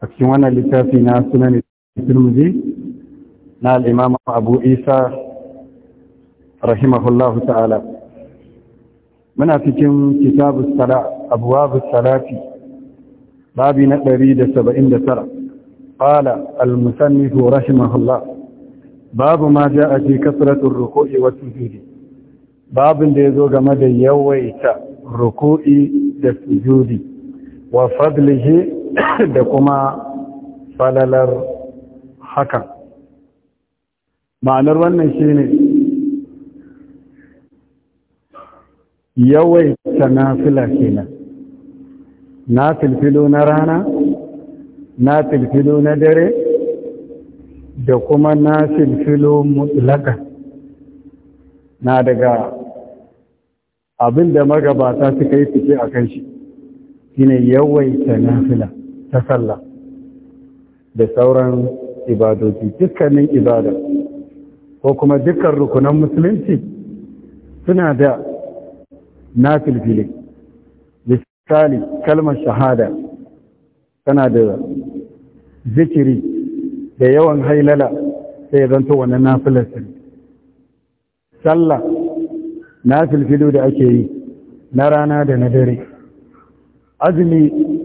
a cikin wannan littafi na sunan turmuzi na al'imam abu isa rahimahullahu ta'ala muna cikin kitabu sala abuwabu salafi, babi na 179 qala al-musannif rahimahullah babu ma ja'a fi kasratur ruku'i wasu sujudi babin da zo game da yawaita ruku'i da sujudi wa fadlihi da kuma falalar haka ma'anar wannan shi ne yawaita nafila kenan na filfilo na rana na filfilo na dare da kuma na filfilo mutlaka na daga abinda magabata suka yi fice a kan shi shine yawaita fila. ta sallah da sauran ibadoji dukkanin ibada ko kuma dukkan rukunan musulunci suna da na filfili misali kalmar shahada tana da zikiri da yawan hailala sai zanto wannan nafilar sallah na filfilo da ake yi na rana da na dare azumi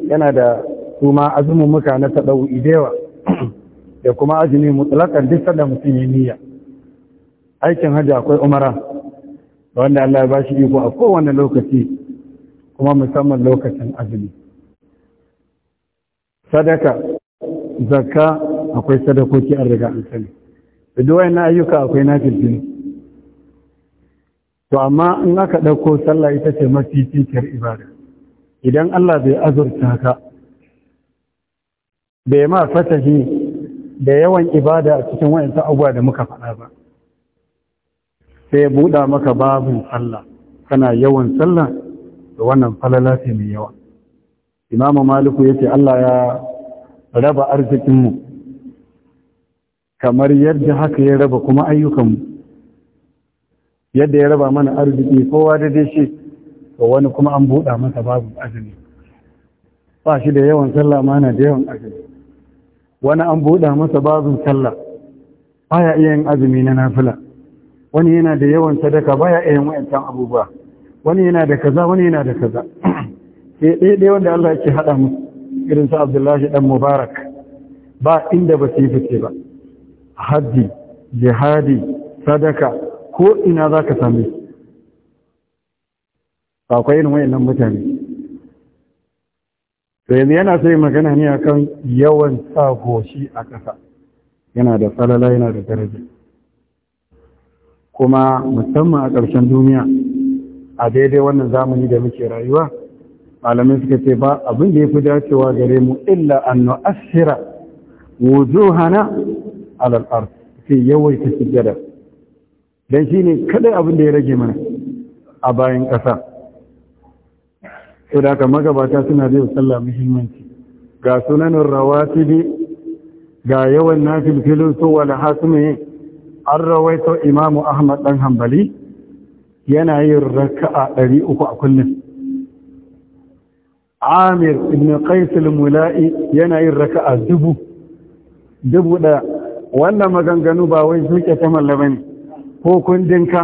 yana da Kuma azumin muka na taɗau idewa da kuma azumi mutlakan duk sanda mutum ya niyya aikin hajji akwai umara wanda Allah ya bashi iko a kowane lokaci kuma musamman lokacin azumi sadaka zakka akwai sadakoki an riga an sani da duwayen na ayyuka akwai na filfili to amma in aka ɗauko sallah ita ce mafi ibada idan Allah bai azurta ka da ya ma fatahi da yawan ibada a cikin wayansu abuwa da muka faɗa ba sai ya buɗa maka babin sallah kana yawan sallah da wannan falala ce mai yawa imamu maliku ya ce Allah ya raba arzikinmu kamar yadda haka ya raba kuma ayyukanmu yadda ya raba mana arziki kowa da dai shi wani kuma an buɗa masa babu azumi ba shi da yawan sallah mana da yawan azumi wani an buɗa masa bazin sallah baya iya yin azumi na nafila wani yana da yawan sadaka baya iya yin wayancan abubuwa wani yana da kaza wani yana da kaza sai ɗaya ɗaya wanda Allah yake haɗa musu irin sa Abdullahi dan Mubarak ba inda ba su yi fice ba hajji jihadi sadaka ko ina za ka same akwai irin wayannan mutane to yanzu yana sai magana ne akan yawan sa goshi a ƙasa yana da falala yana da daraja kuma musamman a ƙarshen duniya a daidai wannan zamani da muke rayuwa malamai suka ce ba abin da ya fi dacewa gare mu illa an nu'assira wujuhana ala al-ard sai ta sujjada dan shine kadai abin da ya rage mana a bayan ƙasa sai da haka magabata suna zai sallah muhimmanci ga sunanin rawatibi ga yawan nafil filin su wal hasmi an rawaito imamu ahmad dan hambali. yana yin raka'a uku a kullum amir ibn Qaisul mulai yana yin raka'a dubu dubu da wannan maganganu ba wai suke ta mallaba ne ko kundinka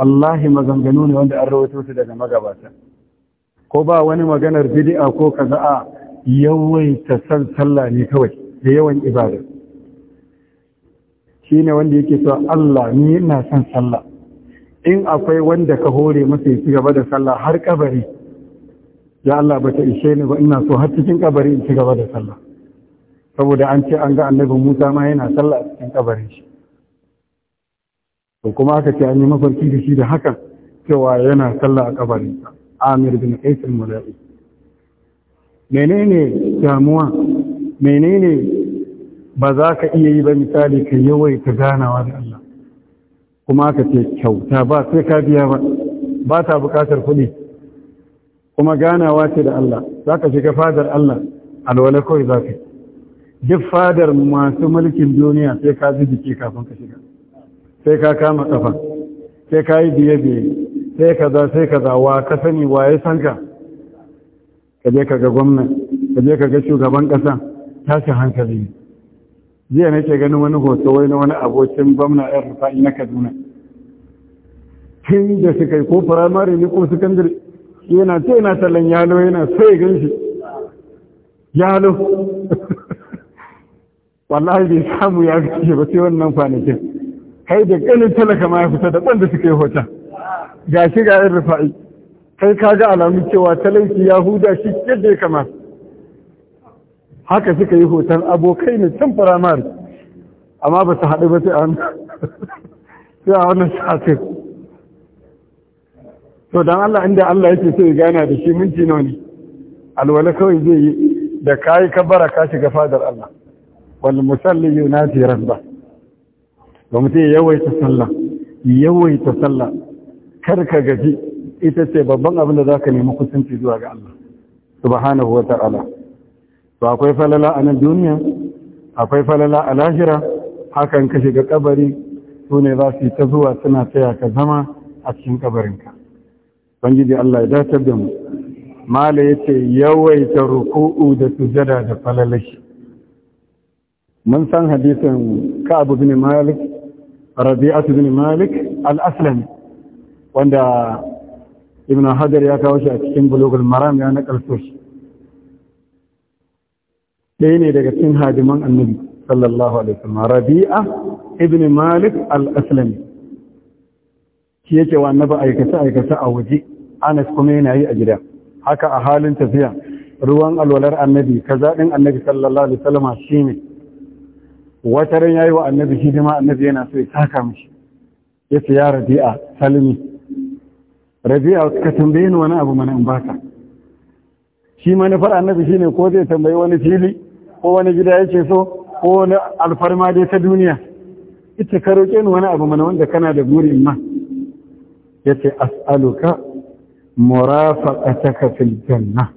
wallahi maganganu ne wanda an rawaito su daga magabata ko ba wani maganar bidi'a ko kaza a yawaita san sallah ne kawai da yawan ibada Shi ne wanda yake so Allah ni ina son sallah in akwai wanda ka hore masa ya ci gaba da sallah har kabari ya Allah bata ishe ni ba ina so har cikin kabari in ci gaba da sallah saboda an ce an ga annabi Musa ma yana sallah a cikin kabarin shi to kuma aka ce an yi mafarki da shi da hakan cewa yana sallah a kabarinsa amir bin qais al-mula'i menene damuwa menene ba za ka iya yi ba misali ka yawaita ganawa da Allah kuma ka ce kyauta ba sai ka biya ba ba ta bukatar kuɗi kuma ganawa ce da Allah za ka shiga fadar Allah alwala kawai za ka duk fadar masu mulkin duniya sai ka ji ke kafin ka shiga sai ka kama kafa sai ka yi biye-biye sai kaza sai kaza wa ka sani wa ya san ka ka je ka ga gwamna ka je ka ga shugaban kasa tashi hankali jiya nake ganin wani hoto wai na wani abokin gwamna yan rufa'i na kaduna tun da suka yi ko firamare ne ko sakandare yana ce yana tallan yalo yana so ya gan shi yalo wallahi bai samu ya ce ba sai wannan kwanakin kai da ganin talaka ma ya fita da ɓanda suka yi hoton ga shi ga yin rufa'i kai ka ga alamun cewa talauci ya huda shi yadda ya kama haka suka yi hoton abokai ne can firamare amma ba su haɗu ba sai a wannan satin to don Allah inda Allah yake so ya gana da shi minti nawa ne alwala kawai zai yi da kayi kabbara ka shiga fadar Allah wal musalli yunati rabba ba mutum yawaita sallah yawaita sallah kar ka gaji ita ce babban abin da za ka nemi kusanci zuwa ga Allah subhanahu wa ta'ala to akwai falala a nan duniya akwai falala a lahira hakan ka shiga kabari su ne za su yi ta zuwa suna tsaya ka zama a cikin kabarinka bangiji Allah ya datar da mu mala ya ce yawaita ruku'u da sujada da falalashi mun san hadisin abu bin malik rabi'atu bin malik al-aslami wanda ibn hajar ya kawo shi a cikin bulugul maram ya nakalto shi ɗaya ne daga cikin hadiman annabi sallallahu alaihi wasallam rabi'a ibn malik al-aslami shi yake wa annabi aikace aikace a waje anas kuma yana yi a gida haka a halin tafiya ruwan alwalar annabi kaza din annabi sallallahu alaihi wasallam shi wata ran yayi wa annabi hidima annabi yana so ya taka mishi yace ya rabi'a salimi rabi'a ka tambaye ni wani abu mana in baka shi manufar annabi shine ko zai tambayi wani fili ko wani gida yake so ko wani alfarma dai ta duniya ita ka roƙe ni wani abu mana wanda kana da buri ma yace as'aluka murafaqataka fil janna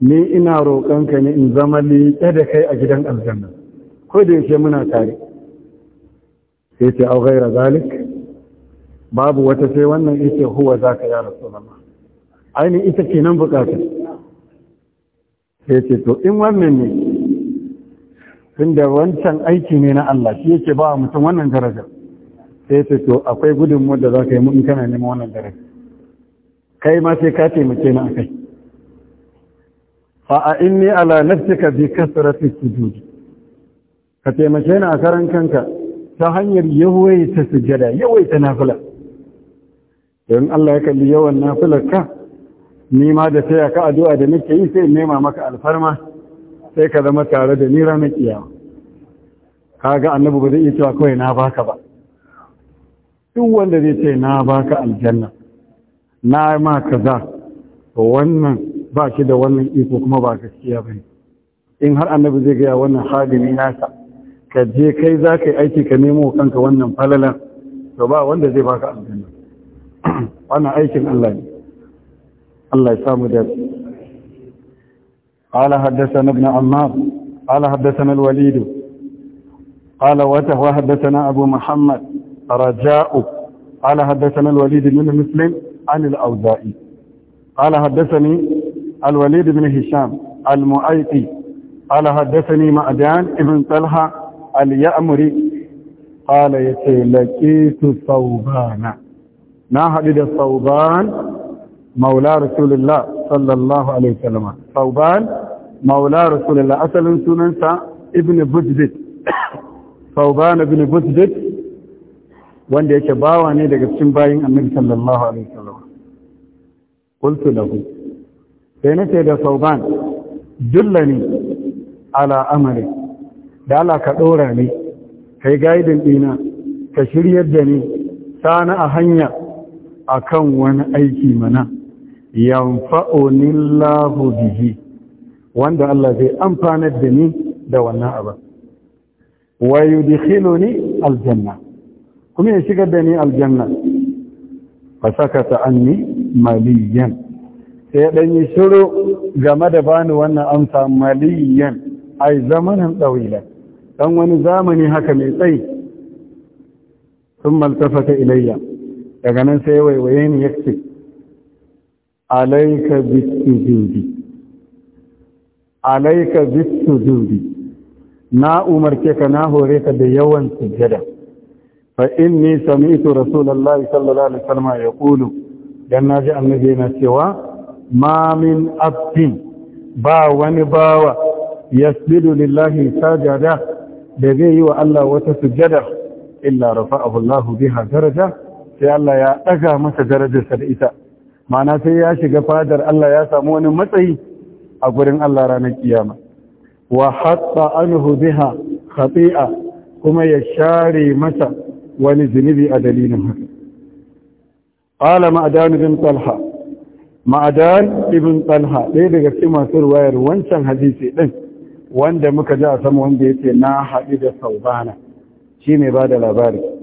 ni ina ka ne in zama liƙe da kai a gidan aljanna ko da yake muna tare sai ce au ghaira zalik babu wata sai wannan ita huwa za ka ya rasulallah ainihin ita ke nan bukata sai ce to in wannan ne tun da wancan aiki ne na Allah shi yake ba mutum wannan darajar sai ce to akwai gudunmu da za ka yi in kana neman wannan darajar kai ma sai ka taimake ni akai fa a inni ala nafsika bi kasrati sujud ka taimake ni a karan kanka ta hanyar yawaita sujada yawaita nafila don Allah ya kalli yawan nafilarka ni ma da taya ka addu'a da nake yi sai nema maka alfarma sai ka zama tare da ni ranar kiyama kaga annabi ba zai iya cewa kawai na baka ba duk wanda zai ce na baka aljanna na ma kaza to wannan ba shi da wannan iko kuma ba gaskiya bane in har annabi zai gaya wannan hadimi nasa ka je kai za ka yi aiki ka nemo kanka wannan falalan to ba wanda zai baka aljanna wannan aikin Allah ne Allah ya samu da قال حدثنا ابن عمار قال حدثنا الوليد قال وتهوى وحدثنا أبو محمد رجاء قال حدثنا الوليد بن مسلم عن الأوزائي قال حدثني الوليد بن هشام المؤيتي قال حدثني معدان ابن طلحة اليأمري قال يتي لقيت ثوبانا na haɗu da sauban maula rasulullah sallallahu alaihi wasallam sauban maula rasulullah asalin sunansa ibn budjid sauban ibn budjid wanda yake bawa ne daga cikin bayin annabi sallallahu alaihi wasallam qultu lahu sai nace da sauban dullani ala amri da Allah ka dora ni kai gaidin dina ka shiryar da ni sana a hanya a kan wani aiki mana yanfa'uni bihi wanda Allah zai amfanar da ni da wannan abin wa yudkhiluni aljanna kuma ya shigar da ni aljanna fa sakata anni maliyan sai dan yi shiru game da bani wannan amsa maliyan ai zamanin dawila dan wani zamani haka mai tsayi ثم ta ilayya daga nan sai waiwaye ni ya ce alaika bisujudi alaika bisujudi na umarce ka na hore ka da yawan sujjada fa inni sami'tu rasulullahi sallallahu alaihi wasallam kulu. dan naji annabi na cewa ma min abdin ba wani bawa yasbidu lillahi sajada da zai yi wa Allah wata sujjada illa rafa'ahu Allahu biha daraja sai Allah ya ɗaga masa darajarsa da ita mana sai ya shiga fadar Allah ya samu wani matsayi a gurin Allah ranar kiyama wa hatta anhu biha khati'a kuma ya share masa wani zunubi a dalilin haka qala ma'dan ibn talha ma'dan ibn talha ɗaya daga cikin masu ruwayar wancan hadisi din wanda muka ji a sama wanda yace na haɗu da saubana shine ba da labari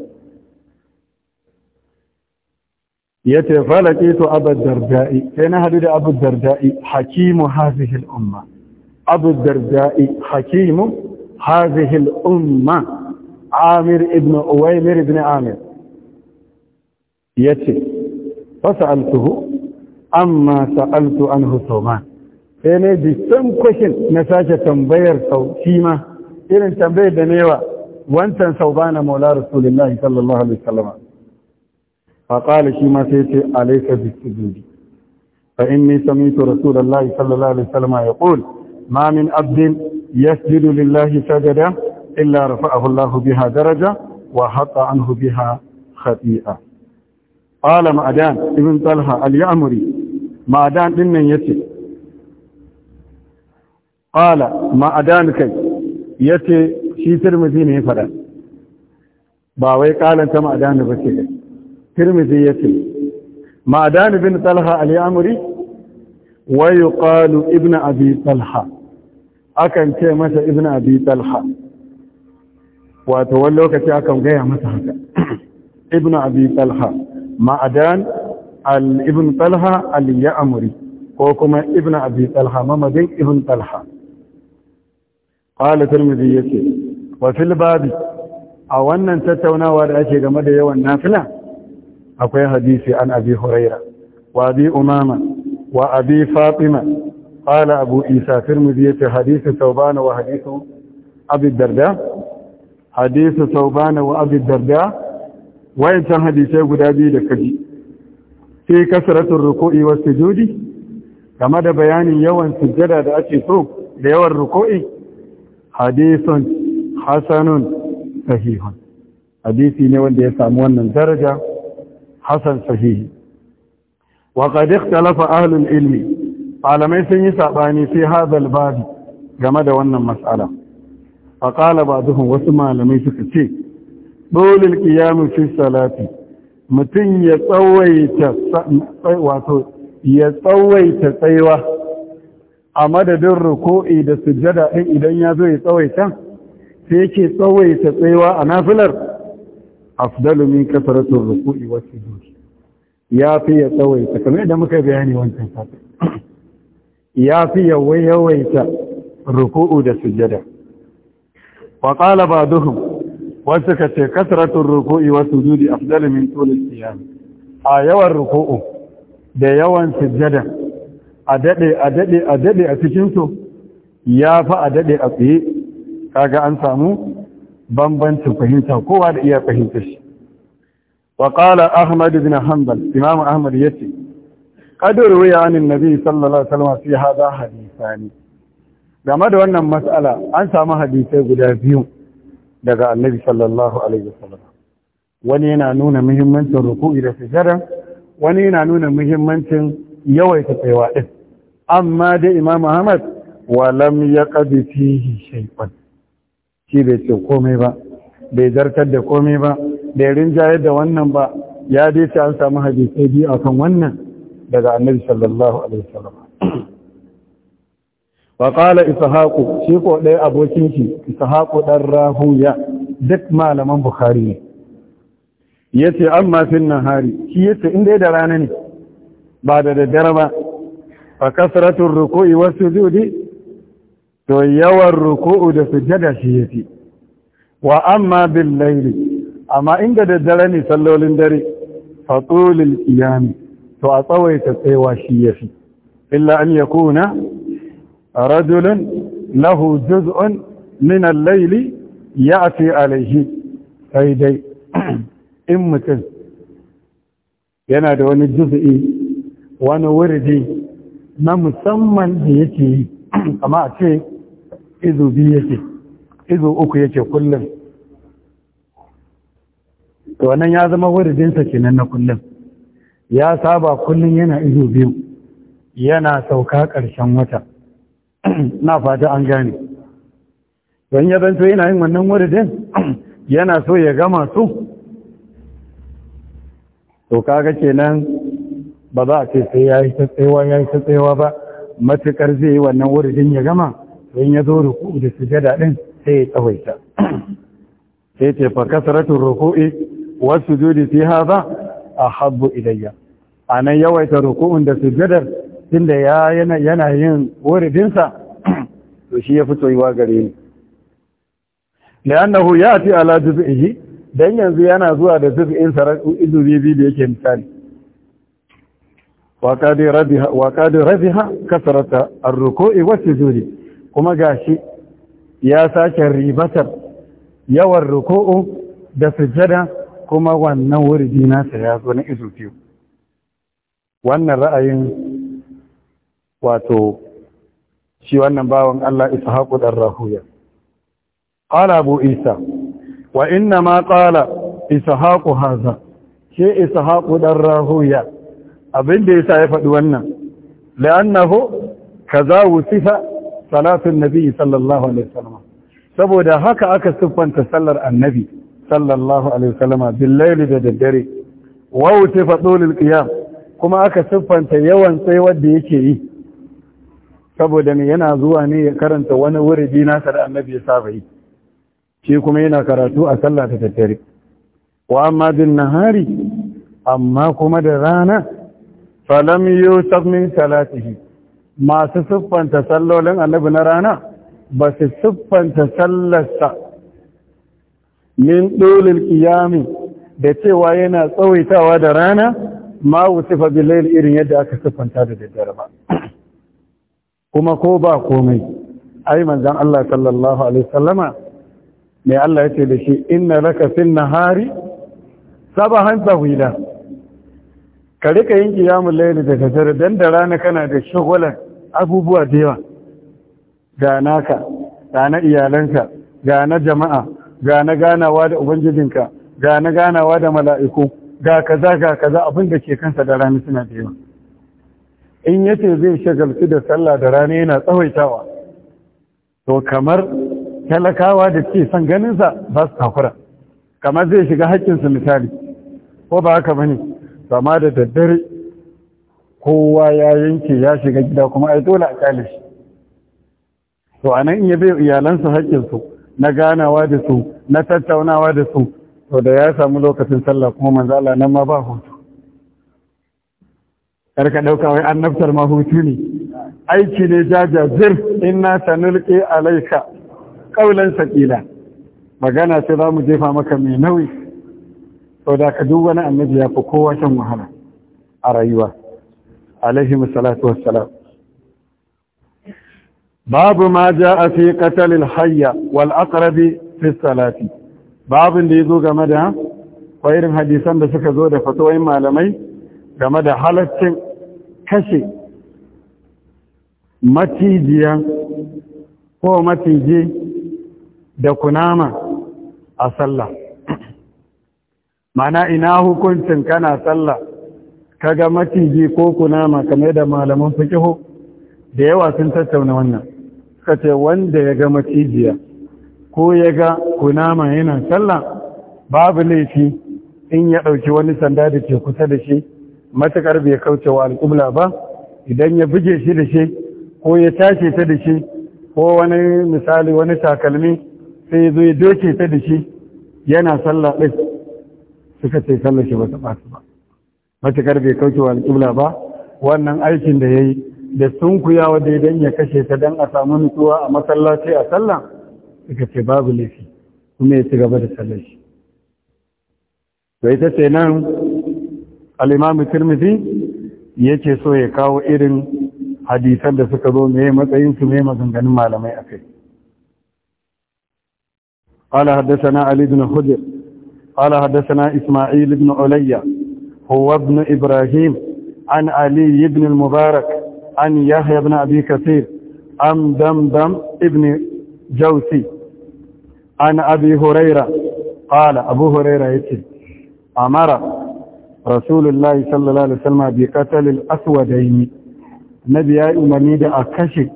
ya ce falaƙe to abu darda'i sai na hadu da abu darda'i hakimu hazihil umma abu darda'i hakimu hazihil umma amir ibn uwaimir ibn amir ya ce fasa'altuhu amma sa'altu anhu sauman sai ne bi san kwashin na sake tambayar sau shi ma irin tambayar da newa wancan sau ba na maula rasulullahi sallallahu alaihi wasallam faƙali shi ma sai ce alaika bisujudi fa inni samitu rasulallah sallallahu alaihi wasallam yaqul ma min abdin yasjudu lillahi sajada illa rafa'ahu Allah biha daraja wa hatta anhu biha khati'a qala ma'adan ibn talha al-ya'muri ma'adan din nan yace qala ma'adan kai yace shi tirmidhi ne fada ba wai ƙalanta ma'adan da ba ce ما معدان بن طلحه اليامري ويقال ابن ابي طلحه اكن ce masa ابن ابي طلحه وتولى لوكتي اكن غيا masa ابن ابي طلحه ما معدان الابن طلحه اليامري وكما ابن ابي طلحه ما مدي ابن طلحه قال ترمذيه وفي الباب a wannan tattaunawa da ake game da akwai hadisi an abi huraira wa abi umama wa abi fatima qala abu isa tirmidhi yace hadisi tawbana wa hadisu abi darda hadisi tawbana wa abi darda wayancan hadisai guda biyu da kaji sai kasratul ruku'i was sujudi game da bayanin yawan sujjada da ake so da yawan ruku'i hadisun hasanun sahihun hadisi ne wanda ya samu wannan daraja hasan sahihi wa qad ikhtalafa ahlul ilmi malamai sun yi sabani sai hadal babi game da wannan mas'ala fa qala ba'dhum wasu malamai suka ce al qiyam fi salati mutun ya tsawaita wato ya tsawaita tsaiwa a madadin ruku'i da sujjada din idan ya zo ya tsawaita sai yake tsawaita tsaiwa a nafilar afdalu min kasaratul ruku'i wa sujud ya fi ya tsawaita kamar da muka bayani wancan safi ya fi ya yawaita ruku'u da sujada wa qala ba'duhum wa ka ce kasaratul ruku'i wa sujud afdalu min tul qiyam a yawan ruku'u da yawan sujada a dade a dade a dade a cikin to ya fa a dade a tsaye kaga an samu bambancin fahimta kowa da iya fahimtar shi waƙala ahmad bin hanbal imam ahmad yace qad ruwiya anin nabi sallallahu alaihi wasallam fi hadha hadithani game da wannan matsala an samu hadisai guda biyu daga annabi sallallahu alaihi wasallam wani yana nuna muhimmancin ruku'i da sujada wani yana nuna muhimmancin yawaita tsayawa din amma da imam ahmad wa lam yaqdi fihi shay'an shi bai ce komai ba bai zartar da komai ba bai rinjayar da wannan ba ya dai ce an samu hadisai biyu akan wannan daga annabi sallallahu alaihi wasallam wa qala ishaqu shi ko dai abokin shi ishaqu dan rahuya duk malaman bukhari ne yace amma fin nahari shi yace inda da rana ne ba da daddare ba fa kasratur ruku'i was sujudi to yawan ruku'u da sujjada shi yafi wa amma bil laili. amma inda daddare ne sallolin dare fa tulil to a tsawaita tsayawa shi yafi illa an yakuna rajulun lahu juz'un min al-layli ya'ti alayhi sai dai in mutum yana da wani juz'i wani wurdi na musamman da yake yi kama a ce izo biyu yake izo uku yake kullum to nan ya zama wuridinsa kenan na kullum ya saba kullum yana izo biyu yana sauka ƙarshen wata na fata an gane don ya zanto yana yin wannan wuridin yana so ya gama su to kaga kenan ba za a ce sai ya yi ta tsewa ya yi ta tsewa ba matuƙar zai yi wannan wurin ya gama in ya zo ruku'u da sujada din sai ya tsawaita sai ce fa kasratul ruku'i wa sujudi fi hadha ahabbu ilayya anan yawaita ruku'un da sujadar tunda ya yana yana yin wuridin sa to shi ya fito yiwa gare ni li'annahu yati ala juz'ihi dan yanzu yana zuwa da juz'in sa izubi bi da yake misali wa qadi rabbiha wa qadi rabbiha kasrata ar-ruku'i wa sujudi kuma gashi ya sake ribatar yawan ruku'u da sujjada kuma wannan wurdi nasa ya zo na izu biyu wannan ra'ayin wato shi wannan bawan Allah Ishaqu dan Rahuya qala Abu Isa wa inna ma qala Ishaqu haza shi Ishaqu dan Rahuya abinda yasa ya faɗi wannan la'annahu kaza wusifa salatun nabi sallallahu alaihi wasallam saboda haka aka siffanta sallar annabi sallallahu alaihi wasallam billaili da daddare wa utifa tulul qiyam kuma aka siffanta yawan sai da yake yi saboda ne yana zuwa ne ya karanta wani wuridi nasa da annabi ya saba yi shi kuma yana karatu a sallah da daddare wa amma bin nahari amma kuma da rana falam yusab min salatihi masu siffanta sallolin annabi na rana ba su siffanta sallarsa min dolin kiyami da cewa yana tsawaitawa da rana ma wusufa bilayil irin yadda aka siffanta da daddare ba kuma ko ba komai ai manzan Allah sallallahu alaihi wasallama ne Allah ya ce da shi inna laka fil nahari sabahan tawila ka rika yin kiyamul layin da daddare dan da rana kana da shugulan. abubuwa da yawa ga naka ga na iyalanka ga na jama'a ga na ganawa da ubangijinka ga na ganawa da mala'iku ga kaza ga kaza abin da ke kansa da rani suna da yawa in yace zai shagaltu da sallah da rani yana tsawaitawa to kamar talakawa da ke son ganinsa ba su takura kamar zai shiga haƙƙinsa misali ko ba haka bane sama da daddare kowa ya yanke ya shiga gida kuma ai dole a kyale shi to anan in ya bai iyalansa haƙƙinsu na ganawa da su na tattaunawa da su to da ya samu lokacin sallah kuma manzo Allah nan ma ba hutu kar ka dauka wai annabtar ma hutu ne aiki ne jaja zir inna tanulqi alayka qawlan saqila magana sai za mu jefa maka mai nauyi to da ka duk wani annabi ya fi kowa shan wahala a rayuwa alaihi salatu wassalam babu ma a fi qatalil hayya wal aqrabi fi salati babin da yazo game da irin hadisan da suka zo da fatawoyin malamai game da halaccin kashe macijiya ko maciji da kunama a sallah mana ina hukuncin kana sallah Ka ga maciji ko kunama kamar da malaman fikihu da yawa sun tattauna wannan suka ce wanda ya ga macijiya ko ya ga kunama yana sallah babu laifi in ya ɗauki wani sanda da ke kusa da shi matuƙar bai kauce wa alƙubla ba idan ya buge shi da shi ko ya tace ta da shi ko wani misali wani takalmi sai ya zo ya doke ta da shi yana sallah ɗin suka ce sallah shi ba ta ba matukar bai kauce wa alƙibla ba wannan aikin da ya yi da sunkuyawa daidan ya kashe ta don a samu nutsuwa a masallaci a sallah suka ce babu laifi kuma ya ci gaba da sallar shi ita ce nan alimami turmizi ce so ya kawo irin hadisan da suka zo mai matsayin su mai maganganun malamai a kai قال حدثنا علي بن حجر قال حدثنا Isma'il بن عليا هو ابن إبراهيم عن علي بن المبارك عن يحيى بن أبي كثير عن دمدم ابن جوسي عن أبي هريرة قال أبو هريرة يتي أمر رسول الله صلى الله عليه وسلم بقتل الأسودين نبي أمني دا أكشف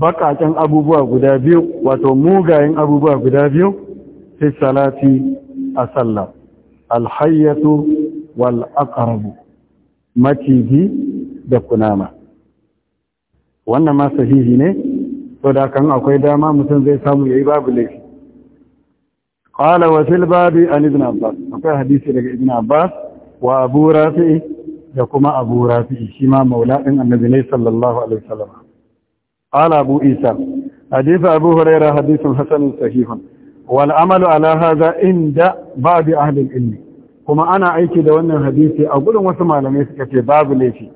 bakaken abubuwa guda biyu wato mugayen abubuwa guda biyu fi salati a sallah alhayyatu wal aqrabu maciji da kunama wannan ma sahihi ne to da kan akwai dama mutum zai samu ya yi babu laifi Ƙwala wa fil babi an ibn abbas akwai hadisi daga ibn abbas wa abu rafi da kuma abu rafi shi ma maula din annabi ne sallallahu alaihi wasallam Ƙwala abu isa hadith abu hurairah hadithun hasanun sahihun wal amalu ala hadha inda ba'd ahli ilmi kuma ana aiki da wannan hadisi a gurin wasu malamai suka ce babu laifi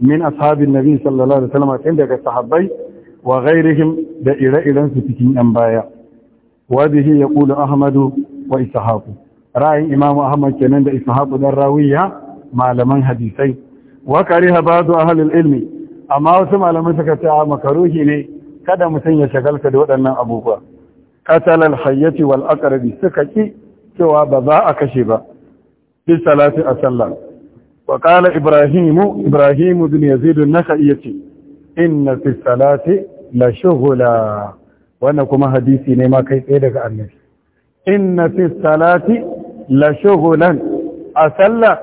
min ashabin nabi sallallahu alaihi wasallam tun daga sahabbai wa ghairihim da ire-iren su cikin yan baya wa bihi yaqulu ahmadu wa ishaq ra'ayin Imam ahmad kenan da ishaq dan rawiya malaman hadisai wa kariha ba'du ahli ilmi amma wasu malamai suka ce a makaruhi ne kada mutum ya shagalta da waɗannan abubuwa qatala al-hayyati wal aqrabi suka ki cewa ba za a kashe ba Waƙala ibrahimu ibrahimu bin Yazidu naka nakhai yace inna fi salati la shughla wannan kuma hadisi ne ma kai tsaye daga annabi a sallah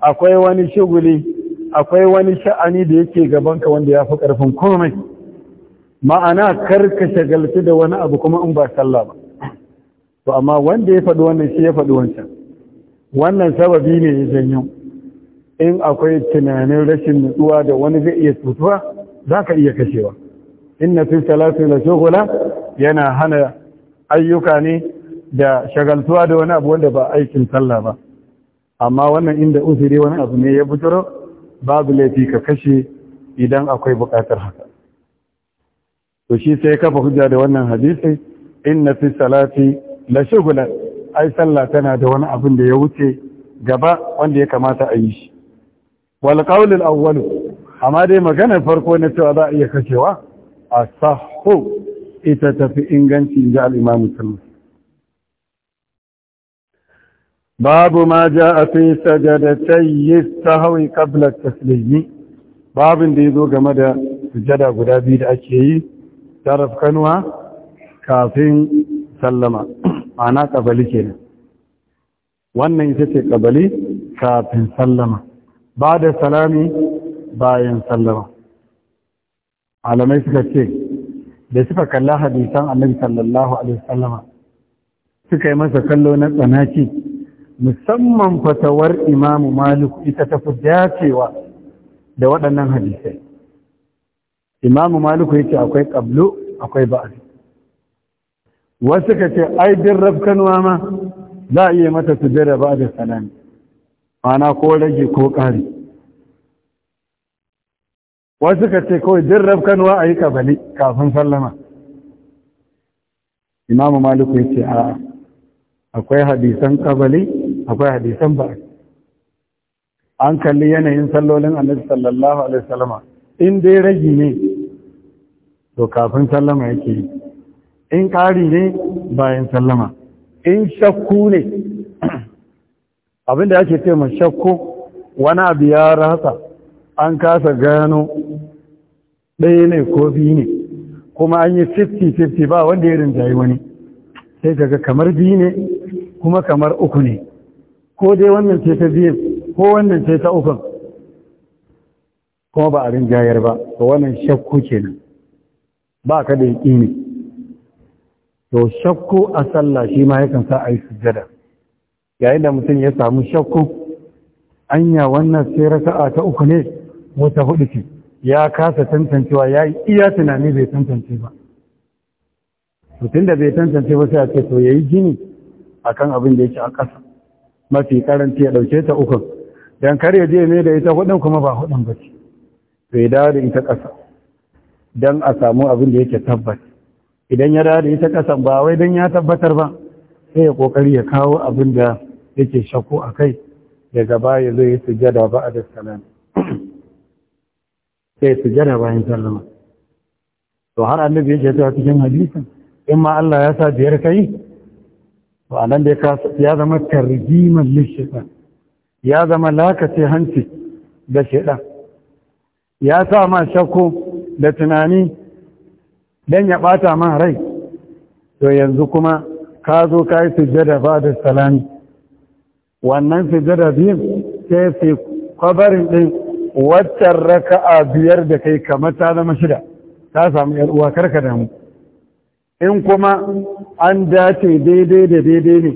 akwai wani shuguli akwai wani sha'ani da yake gabanka wanda ya ƙarfin komai ma'ana karka shagalci da wani abu kuma in ba sallah ba to amma wanda ya faɗi wannan shi ya faɗi wancan wannan sababi ne ya janyo in akwai tunanin rashin nutsuwa da wani zai iya cutuwa za ka iya kashewa inna fi salatu da shugula yana hana ayyuka ne da shagaltuwa da wani abu wanda ba aikin sallah ba amma wannan inda uzuri wani abu ne ya fito babu laifi ka kashe idan akwai bukatar haka to shi sai kafa hujja da wannan hadisi inna fi salati la shugula ai sallah tana da wani abin da ya wuce gaba wanda ya kamata a yi shi wal qawlul awwal amma dai maganar farko na cewa za a iya kashewa Asahu ita tafi inganci inji al-imam muslim babu ma jaa fi sajadatay sahwi qabla at babin da yazo game da sujada guda biyu da ake yi taraf kanuwa kafin sallama ma'ana ƙabali kenan wannan ita ce ƙabali kafin sallama ba da salami bayan sallama alamai suka ce da suka kalla hadisan annabi sallallahu alaihi wasallama suka yi masa kallo na tsanaki musamman fatawar imamu malik ita ta fi dacewa da waɗannan hadisai imamu maliku ya ce akwai ƙablo akwai ba'ad wasu ka ce ai din rafkanuwa ma za a iya mata su sujada ba da salami mana ko rage ko ƙari wasu ka ce kawai din rafkanuwa a yi kabali kafin sallama imamu maliku ya ce a akwai hadisan kabali akwai hadisan ba'a an kalli yanayin sallolin annabi sallallahu alaihi wasallama in dai ragi ne to kafin sallama yake yi in ƙari ne bayan sallama in shakku ne abinda ake ce ma shakku wani abu ya rasa an kasa gano ɗaya ne ko biyu ne kuma an yi 50-50 ba wanda ya yi wani sai daga kamar biyu ne kuma kamar uku ne ko dai wannan ce ta biyu ko wannan ce ta ukun kuma ba a rinjayar ba to wannan shakku kenan ba ka da yi ne to shakku a sallah shi ma yakan sa a yi sujjada yayin da mutum ya samu shakku anya wannan sai raka'a ta uku ne ko ta hudu ce ya kasa tantancewa ya yi iya tunani bai tantance ba mutum da bai tantance ba sai a ce to ya yi gini akan abin da yake a ƙasa mafi karanci ya ɗauke ta ukun don kar ya je ne da ita hudun kuma ba hudun ba ce to ya dawo da ita ƙasa don a samu abin da yake tabbas idan ya dawo da ita kasan ba wai don ya tabbatar ba sai ya kokari ya kawo abin da yake shakku a kai daga baya zai yi sujada ba a da sai sujada bayan sallama to har annabi yake cewa cikin hadisin in ma Allah ya sa biyar kai to anan da ya zama tarjiman lishidan ya zama lakace hanci da shedan ya sa ma shakku da tunani dan ya ɓata ma rai to yanzu kuma ka zo ka yi sujjada ba da salami wannan sujjada biyun sai fi kwabarin ɗin waccan raka'a biyar da kai kamar ta zama shida ta samu yar uwa karka damu in kuma an dace daidai da daidai ne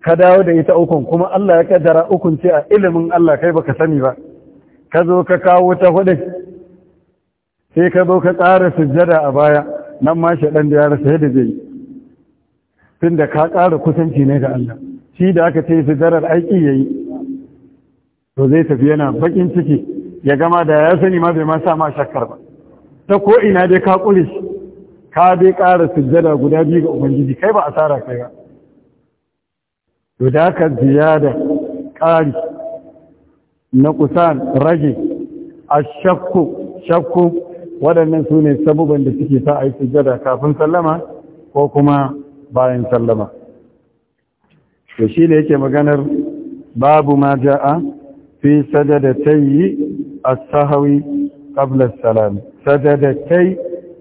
ka dawo da ita ukun kuma Allah ya kaddara ukun ce a ilimin Allah kai baka sani ba ka zo ka kawo ta hudu sai ka zo ka ƙara sujjada a baya nan ma ɗan da ya rasa yadda zai tun da ka ƙara kusanci ne ga Allah shi da aka ce sujjadar aiki ya yi to zai tafi yana baƙin ciki ya gama da ya sani ma bai masa sa ma shakkar ba ta ko ina dai ka ƙure shi ka dai ƙara sujjada guda biyu ga ubangiji kai ba asara kai ba to da ka ziyada ƙari na kusan rage a shakku shakku waɗannan su ne sabuban da suke sa a yi sujjada kafin sallama ko kuma bayan sallama da shi ne yake maganar babu ma ja'a fi yi a sahawi qabla as ta sajadatai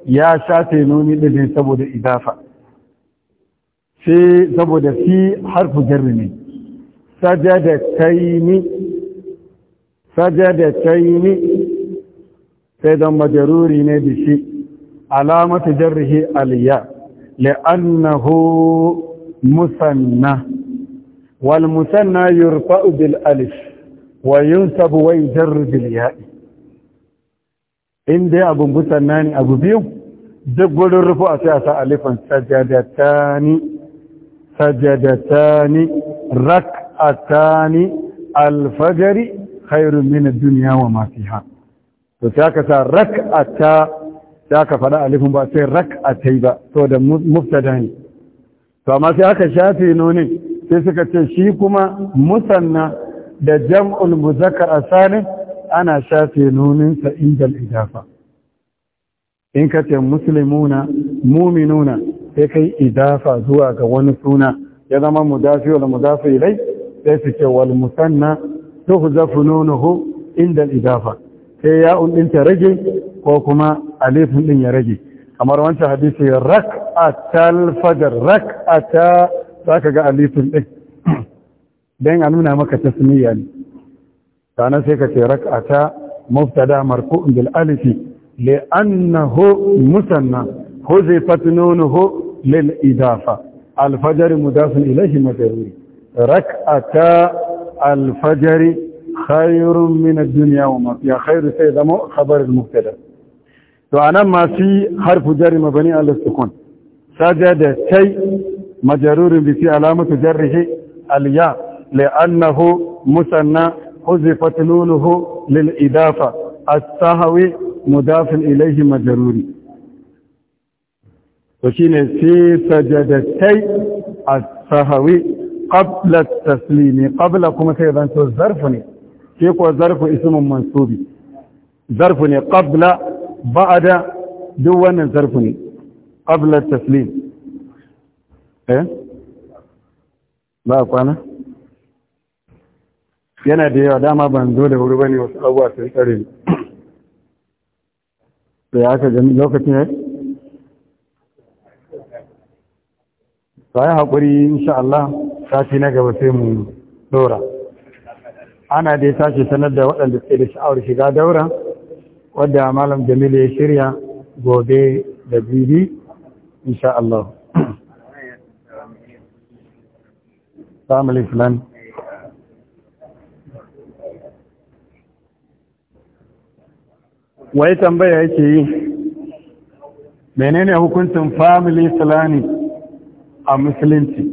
ya shafe nuni ɗin saboda idafa sai saboda fi harfu jarri ne yi ni, yi ni. sai don majaruri ne da shi alamatu jarrihi aliya li'annahu musanna wal musanna yurfa'u bil alif wa yunsabu wa yujarru bil ya'i in dai abu musanna ne abu biyu duk gurin rufu a sai a sa alifan sajadatani sajadatani rak'atani alfajari khairun min ad-dunya wa ma fiha to sai aka sa rak'ata sai ka faɗa alifin ba sai rak'atai ba da muftada ne to amma sai aka shafe nonin sai suka ce shi kuma musanna da jam'ul muzakkar asalin ana shafe sa inda idafa in ka ce musulmuna muminuna sai kai idafa zuwa ga wani suna ya zama mudafi wal mudafi ilai sai su ce wal musanna tuhzafu nunuhu inda idafa sai ya'un ɗin ta rage ko kuma alifin ɗin ya rage kamar wancan hadisi rak'atal fajr rak'ata zaka ga alifin ɗin dan a nuna maka tasmiya ne sana sai ka ce rak'ata mubtada marfu'un bil alif li'annahu musanna huzifat nunuhu lil idafa al fajr mudafun ilayhi majrur rak'ata al fajr khairun min ad-dunya wa ma sai zama khabar al-mubtada to anan ma fi harfu jarri mabni ala sukun sajada tay majrur bi fi alamatu jarrihi al-ya li'annahu musanna huzifat nunuhu lil-idafa as-sahwi ilaihi ilayhi majrur to shine fi sajadatai as-sahwi qabla at-taslimi qabla kuma sai zan to ne shi ko zarfu ismin mansubi zarfu ne qabla ba'da duk wannan zarfu ne qabla taslim eh ba kwana yana da yawa dama ban zo da wuri bane wasu abubuwa sun tsare ne, sai aka gani lokacin ya sai haƙuri insha Allah ta sati na gaba sai mu dora ana dai sashi sanar da waɗanda suke da sha'awar shiga daura wadda malam jamilu ya shirya gobe da bibi insha Allah wai tambaya yake yi menene hukuncin family planning a musulunci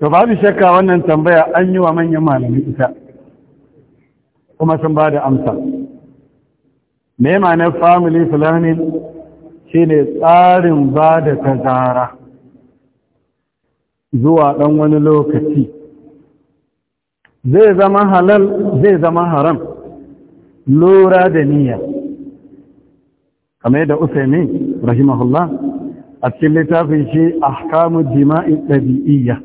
to babu shakka wannan tambaya an yi wa manyan malamin ita kuma sun ba da amsa me ma'anar family planning shine tsarin ba da tazara zuwa ɗan wani lokaci zai zama halal zai zama haram lura da niyya kamar yadda usaimin rahimahullah a cikin littafin shi a kamun jima'i ɗabi'iyya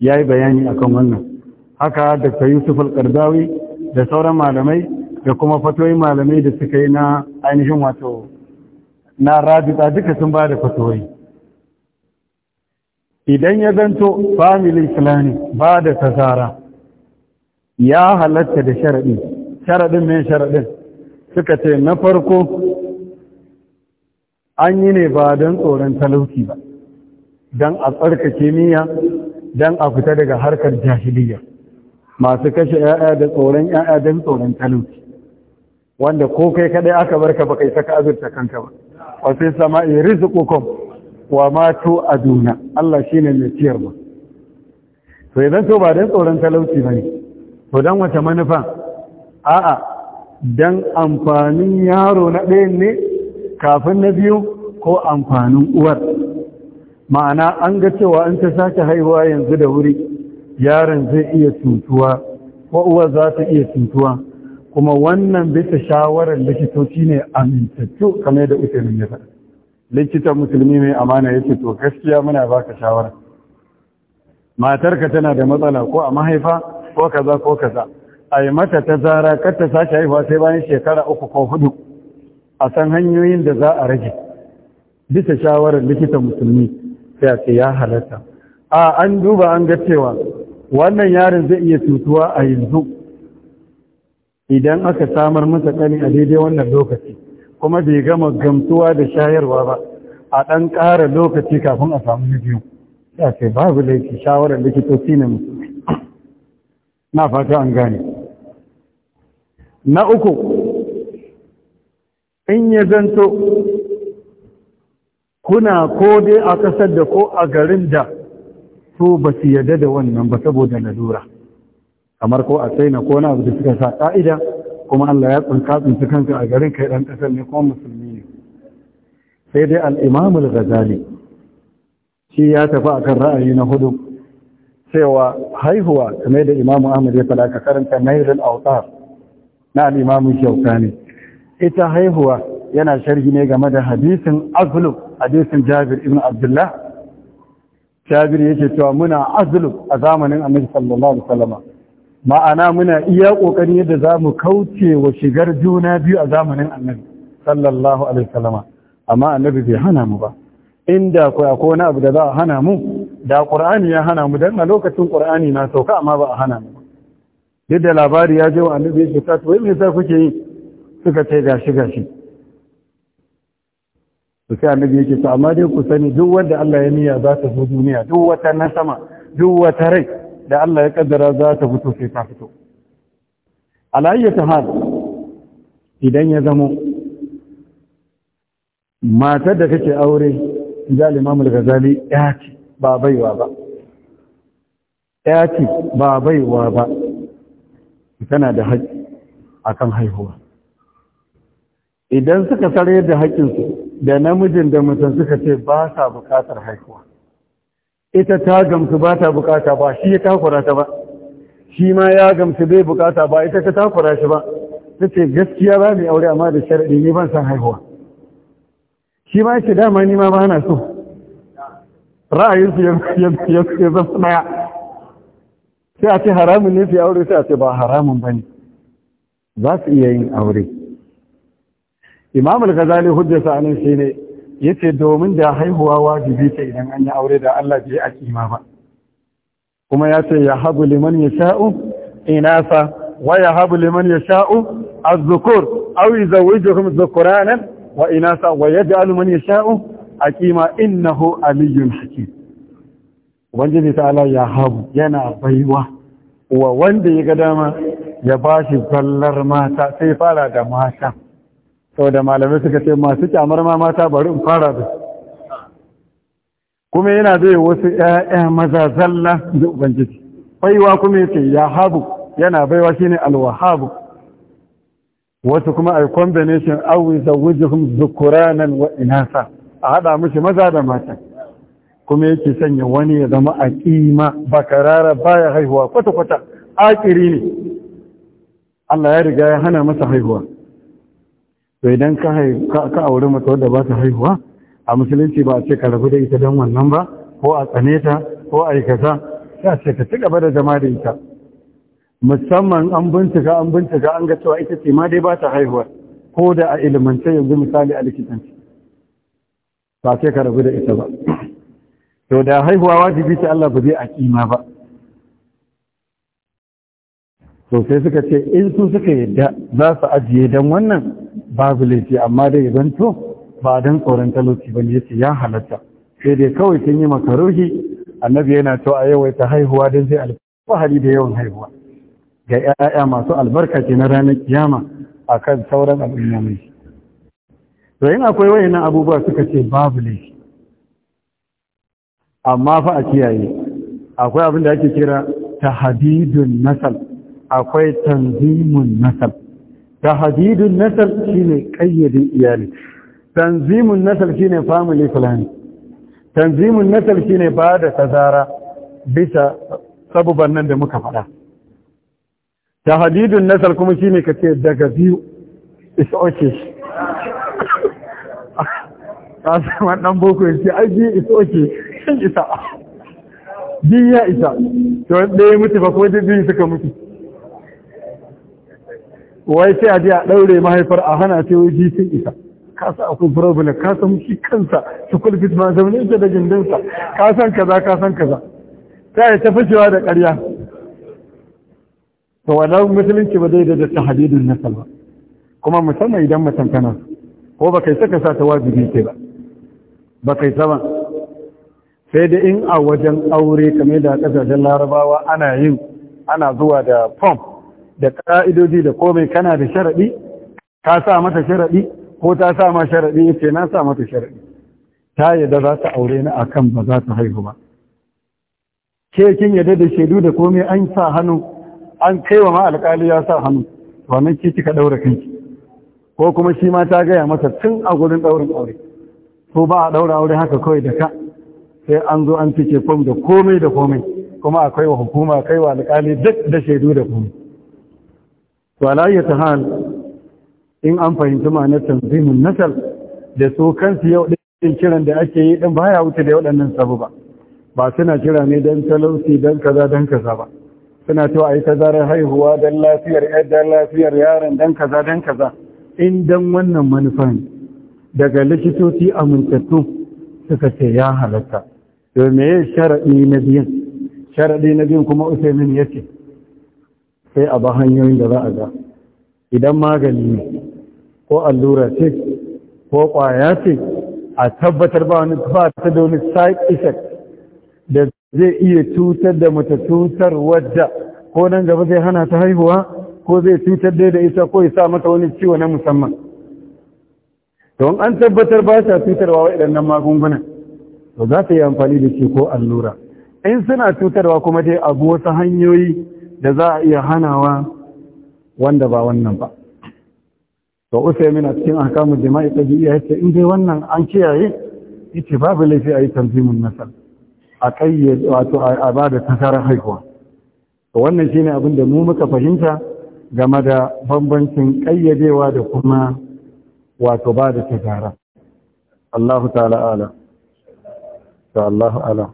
ya yi bayani a kan wannan haka dr yusuf al-kardawi da sauran malamai da kuma fatoyi malamai da suka yi na ainihin wato na rabita duka sun ba da fatoyi idan ya zanto family planning ba da tasara ya halatta da sharaɗin, sharaɗin mai sharaɗin suka ce na farko an yi ne ba don tsoron talauci ba don a tsarkake niyya don a fita daga harkar jahiliya masu kashe ‘ya'ya da tsoron ‘ya'ya don tsoron talauci wanda ko kai kaɗai aka bar ka baka isa ka azurta kanka ba wasu sama iri wa mato a duna Allah shi ne mai ciyar ba to idan to ba don tsoron talauci ba ne to don wata manufa a'a don amfanin yaro na ɗayan ne kafin na biyu ko amfanin uwar ma'ana an ga cewa in ta sake haihuwa yanzu da wuri yaron zai iya cutuwa ko uwa za ta iya cutuwa kuma wannan bisa shawarar likitoci ne amintattu kamar da usainin ya faɗa likitan musulmi mai amana ya ce to gaskiya muna baka shawara matarka tana da matsala ko a mahaifa ko kaza ko kaza a yi mata ta zara kar ta sake haihuwa sai bayan shekara uku ko hudu a san hanyoyin da za a rage bisa shawarar likitan musulmi sai a ce ya halatta a an duba an ga cewa wannan yaron zai iya cutuwa a yanzu idan aka samar masa ƙani a daidai wannan lokaci kuma bai gama gamsuwa da shayarwa ba a ɗan ƙara lokaci kafin a samu na biyu ya ce babu laifi shawarar likitoci ne musu na fata an gane na uku in ya zanto kuna ko dai a kasar da ko a garin da su ba su yarda da wannan ba saboda na lura kamar ko a sai ko na abu da suka sa ƙa'ida kuma Allah ya tsinka tsinci kanka a garin kai ɗan ƙasar ne kuma musulmi ne sai dai al-Imam ghazali shi ya tafi akan ra'ayi na hudu cewa haihuwa kamar da Imam Ahmad ya faɗa ka karanta Nailul Awtar na al-Imam Shawkani ita haihuwa yana sharhi ne game da hadisin azlub hadisin jabir ibn abdullah jabir yake cewa muna azlub a zamanin annabi sallallahu alaihi wasallam ma'ana muna iya kokari yadda zamu kauce wa shigar juna biyu a zamanin annabi sallallahu alaihi wasallam amma annabi bai hana mu ba inda ko akwai wani abu da za a hana mu da qur'ani ya hana mu dan a lokacin qur'ani na sauka amma ba a hana mu yadda labari ya je wa annabi ya ce ta to me yasa kuke yi suka ce gashi gashi su sai annabi yake to amma dai ku sani duk wanda Allah ya niyya za ta zo duniya duk wata nan sama duk wata rai da Allah ya kaddara za ta fito sai ta fito alayyata hal idan ya zamo matar da kake aure inda limamul gazali ya ce ba baiwa ba ya ce ba baiwa ba tana da haƙƙi akan haihuwa idan suka tsare da haƙinsu da namijin da mutum suka ce ba sa buƙatar haihuwa ita ta gamsu ba ta buƙata ba shi ya takura ta ba shi ma ya gamsu bai buƙata ba ita ta takura shi ba ta ce gaskiya ba mai aure amma da sharaɗi ne ban san haihuwa shi ma ce dama ni ma ba na so ra'ayinsu ya zama ɗaya sai a ce haramun ne su aure sai a ce ba haramun ba ne za su iya yin aure imam al-ghazali hujjata anan shine yace domin da haihuwa wajibi ce idan an yi aure da Allah bai a kima ba kuma yace ya habu liman yasha'u inasa wa ya habu liman yasha'u az-zukur aw yuzawwijuhum dhukuranan wa inasa wa yaj'alu man yasha'u aqima innahu aliyyun hakim ubangiji ta'ala ya habu yana baiwa wa wanda ya ga dama ya bashi ballar mata sai fara da mata Sau da malamai suka ce masu kyamar ma mata bari in fara da kuma yana zai wasu ‘ya'ya maza zalla da ubangiji baiwa kuma yake ya habu yana baiwa shine alwahabu wasu kuma a combination awi da wujuhun zukuranan wa inasa a haɗa mushi maza da mata kuma yake sanya wani ya zama a ƙima ba karara baya haihuwa kwata-kwata akiri ne Allah ya riga ya hana masa haihuwa to idan ka auri mata wadda ba ta haihuwa a musulunci ba a ce ka rabu da ita don wannan ba ko a tsane ta ko a yi kaza sai a ce ka ci gaba da zama da ita musamman an bincika an bincika an ga cewa ita ce ma dai ba ta haihuwa ko da a ilimance yanzu misali a likitanci ba ce ka rabu da ita ba to da haihuwa wajibi ce Allah ba zai a kima ba to sai suka ce in su suka yadda za su ajiye don wannan babu laifi amma dai idan to ba dan tsoron talauci ba ne yace ya halatta sai dai kawai kin yi makaruhi annabi yana to a yawaita haihuwa don zai alfahari da yawan haihuwa ga 'ya'ya masu albarka ke na ranar kiyama akan sauran al'ummai to in akwai wayannan abubuwa suka ce babu laifi amma fa a kiyaye akwai abin da ake kira tahadidun nasal akwai tanzimun nasal tahdidun nasal shine kayyadin iyali tanzimun nasal shine family planning tanzimun nasal shine ba da tazara bisa sabuban nan da muka faɗa hadidun nasal kuma shine kace daga biyu is okay a sama dan boko yace ai biyu is okay shin isa biyu ya isa to ɗaya mutu ba ko biyu suka mutu wai sai a je a ɗaure mahaifar a hana ce wai sun isa ka san akwai problem ka san shi kansa su kulfit ma zaune da gindinsa ka san kaza ka san kaza ta yi ta fashewa da ƙarya to wannan musulunci ba zai da ta hadidun na salwa kuma musamman idan mutum kana ko ba kai saka sa ta wajibi ke ba ba kai sama sai da in a wajen aure kamar da ƙasashen larabawa ana yin ana zuwa da pump da ƙa'idodi da komai kana da sharaɗi ka sa mata sharaɗi ko ta sa ma sharaɗi ya ce na sa mata sharaɗi ta yadda za ta aure ni akan ba za ta haihu ba ke kin yadda da shaidu da komai an sa hannu an kai wa ma alƙali ya sa hannu wannan ki kika ɗaura kanki ko kuma shi ma ta gaya masa tun a wurin ɗaurin aure ko ba a ɗaura aure haka kawai da ka sai an zo an fice fom da komai da komai kuma akwai wa hukuma kai wa alƙali duk da shaidu da komai walayyar ta hal in an fahimci ma'anar tanzimin nasar da su kansu yau ɗin kiran da ake yi ɗin baya wuce da waɗannan sabu ba ba suna kira ne don talauci don kaza don kaza ba suna cewa a yi tazarar haihuwa don lafiyar don lafiyar yaron don kaza don kaza in don wannan manufa ne daga likitoci amintattu suka ce ya halatta domin ya sharaɗi na biyan sharaɗi na biyan kuma usaimin ya ce sai a ba hanyoyin da za a ga idan magani ne ko allura ce ko kwaya ce a tabbatar ba wani ba ta da wani side effect da zai iya cutar da mata cutar wadda ko nan gaba zai hana ta haihuwa ko zai cutar da da ita ko ya sa mata wani ciwo na musamman don an tabbatar ba ta cutarwa wa idan nan magungunan to za ta yi amfani da shi ko allura in suna cutarwa kuma dai abu wasu hanyoyi da za a iya hanawa wanda ba wannan ba to usaimin a cikin ahkamu jima'i ta jiya yake in dai wannan an kiyaye ita babu laifi a yi tanzimin nasar a kayyade wato a ba da tasarar haihuwa to wannan shine abin da mu muka fahimta game da bambancin kayyadewa da kuma wato ba da tasara Allahu ta'ala ala ta Allahu ala